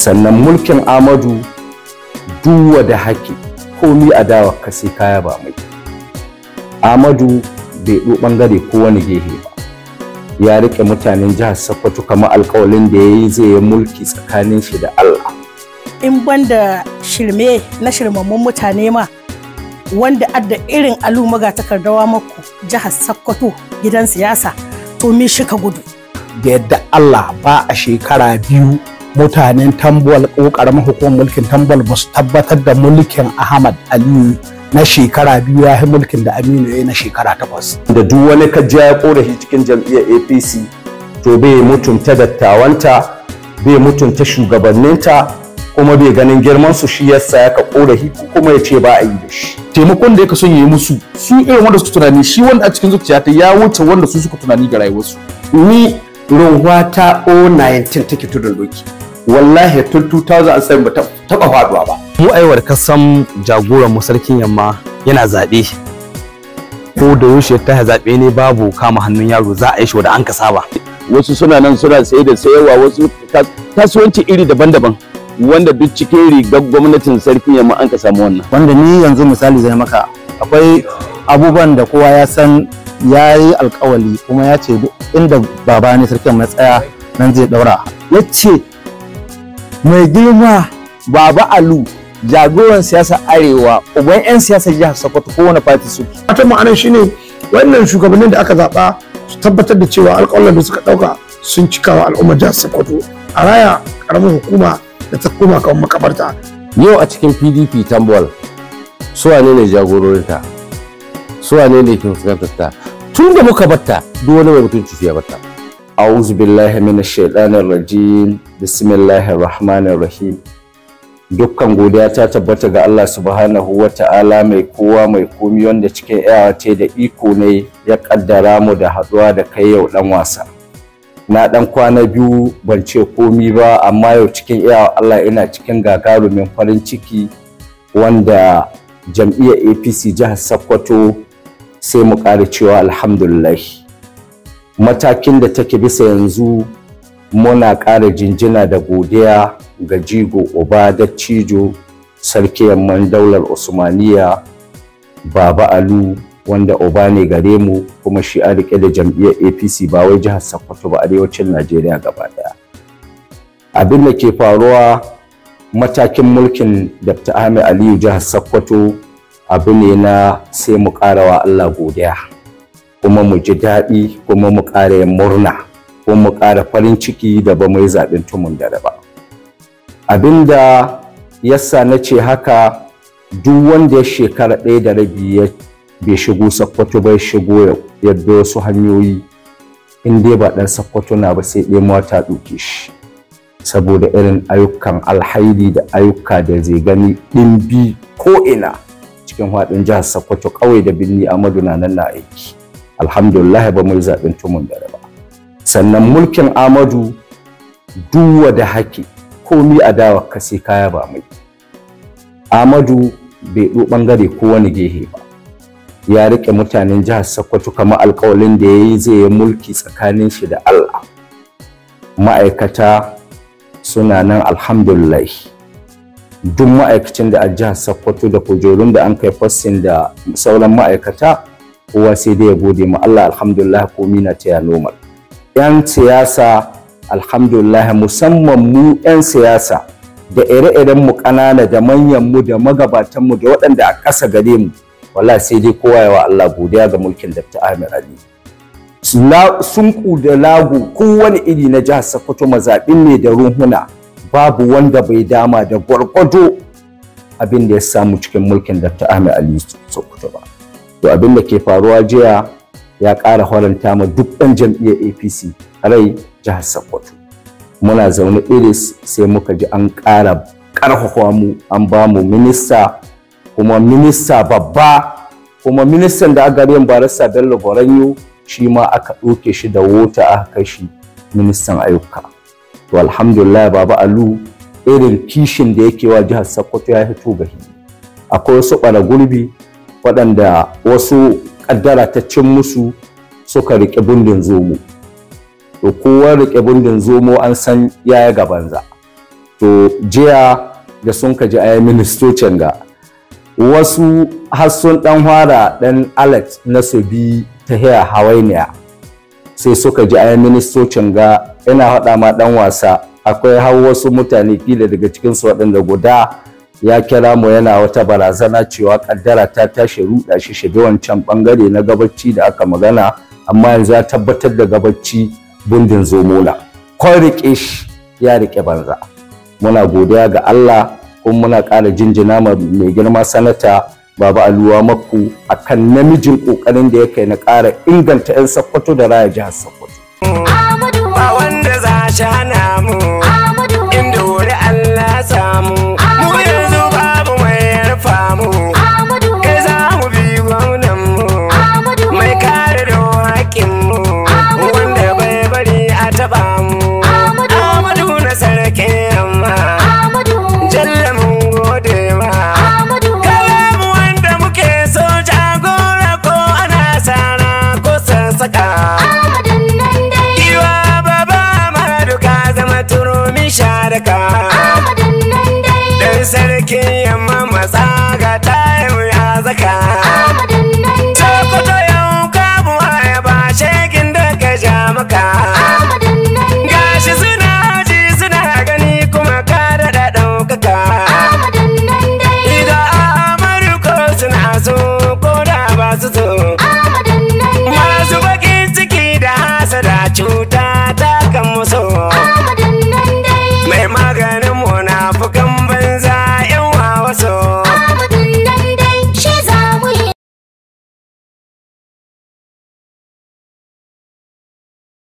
sannan mulkin amadu duwa da haƙƙi komi a dawa ka sai kaya ba mai amadu bai ɗo ɓangare ko wani gehe ba ya riƙe mutanen jihar sokoto kamar alƙawalin da ya yi zai yi mulki tsakanin shi da allah in ban da shirme na shirmammun mutane ma wanda adda irin alu maga takardawa maku jihar Sokoto gidan siyasa to me shi ka gudu. Da yadda Allah ba a shekara biyu mutanen tambol ko karamar hukumar mulkin tambol ba su tabbatar da mulkin ahmad aliyu na shekara biyu ya mulkin da aminu ya na shekara takwas da duk wani kajiya ya korafi cikin jam'iyyar apc to bai mutunta dattawanta bai mutunta shugabanninta kuma bai ganin girman su shi yasa ya ka korafi kuma ya ce ba a yi da shi taimakon da ya son ya yi musu su irin wanda suka tunani shi wanda a cikin zuciya ta ya wuce wanda su suka tunani ga rayuwarsu ni ruwa ta o 19 take tudun doki wallahi tun 2007 ba taba faduwa ba mu aiwar kasan jagoran mu sarkin yamma yana zabe ko da yushe ta zabe ne babu kama hannun yaro za a yi shi an ka saba wasu suna nan suna saye da sayarwa wasu kasuwanci iri daban-daban wanda duk cikin rigar gwamnatin sarkin yamma an ka samu wannan wanda ni yanzu misali zai maka akwai abubuwan da kowa ya san ya yi alkawali kuma ya ce inda baba ne sarkin matsaya nan zai daura ya ce mai girma baba alu jagoran siyasa arewa uban 'yan siyasar jihar sokoto kowane fati suke fatan ma'anar shine wannan shugabannin da aka zaɓa su tabbatar da cewa alƙawarin da suka ɗauka sun wa al'ummar jihar sokoto a raya ƙaramin hukuma da ta koma kan makabarta yau a cikin pdp tambol su wane ne jagororinta su wane ne ke fuskantar tun da muka batta duk wani mai mutunci ya batta أعوذ mina من الشيطان الرجيم بسم الله الرحمن dukkan godiya ta tabbata ga Allah subhanahu wa ta'ala mai kowa mai komi wanda cikin ce da iko ne ya kaddara mu da haduwa da kai yau dan wasa na dan kwana biyu ban ce komi ba amma yau cikin iyawa Allah ina cikin gagarumin farin ciki wanda jam'iyyar APC jihar Sokoto sai mu ƙara cewa alhamdulillah matakin da take bisa yanzu muna ƙara jinjina da godiya ga jigo Oba, da cijo sarki yamman daular usmaniya baba alu wanda oba ne gare mu kuma shi a rike da jam'iyyar apc ba wai jihar sokoto ba arewacin najeriya gaba daya abin da ke faruwa matakin mulkin dr ahmed aliyu jihar sokoto abu ne na sai mu ƙarawa allah godiya kuma mu ji daɗi kuma mu ƙara yin murna kuma mu ƙara farin ciki da ba mai zaɓen tumun da ba abinda yasa na ce haka duk wanda ya shekara ɗaya da rabi ya bai shigo sakkwato bai shigo yadda wasu hanyoyi in dai ba ɗan sakkwato na ba sai ɗaya ta ɗauke shi saboda irin ayyukan alhaidi da ayyuka da zai gani ɗimbi ko ina cikin haɗin jihar sakkwato kawai da birni amadu na nan na aiki alhamdulillah ba mu yi zaɓen tumun dare ba sannan mulkin amadu duwa da haki komi a dawa ka sai kaya ba mai amadu bai ɗo ɓangare ko wani gehe ba ya riƙe mutanen jihar sokoto kamar alƙawalin da ya yi zai yi mulki tsakanin shi da allah ma'aikata suna nan alhamdulillah duk ma'aikacin da a jihar sokoto da kujerun da an kai fassin da sauran ma'aikata kowa sai dai ya gode mu Allah alhamdulillah komi na taya normal yan siyasa alhamdulillah musamman mu yan siyasa da ire-iren mu ƙanana da manyan mu da magabatan mu da waɗanda a ƙasa gare mu wala sai dai kowa ya wa Allah godiya ga mulkin Dr. Ahmed Ali sunku da lagu kowane iri na jihar Sokoto mazaɓin ne da ruhuna babu wanda bai dama da gwargwado abin da ya samu cikin mulkin Dr. Ahmed Ali Sokoto ba. to abin da ke faruwa jiya ya ƙara faranta ma duk ɗan jam'iyyar apc rai jihar sokoto muna zaune iris sai muka ji an ƙara ƙarfafa mu an ba mu minista kuma minista babba kuma ministan da aka yin barista bello boranyo shi ma aka ɗauke shi da wota aka kai shi ministan ayyuka to alhamdulillah baba alu irin kishin da yake wa jihar sokoto ya fito ga akwai wasu ɓara waɗanda wasu ƙaddara ta cin musu suka riƙe bundin zomo to kowa riƙe bundin zomo an san yaya gabanza to jiya da sun kaji a ministocin ga wasu har ɗan fara ɗan alex na su bi ta hiyar hawainiya sai suka ji a ministocin ga ina haɗa ma ɗan wasa akwai har wasu mutane fila daga cikinsu waɗanda guda ya kira mu yana wata barazana cewa kaddara ta tashi ruɗa shi shiga wancan bangare na gabaci da aka magana amma yanzu ya tabbatar da gabaci bindin zomola kon riƙe shi ya riƙe banza muna godiya ga Allah kuma muna ƙara jinjina mai girma sanata baba aluwa maku akan namijin ƙoƙarin da ya kai na ƙara inganta 'yan sakkwato da raya jihar sakkwato. Amadu ba wanda za mu. sarki yamma maza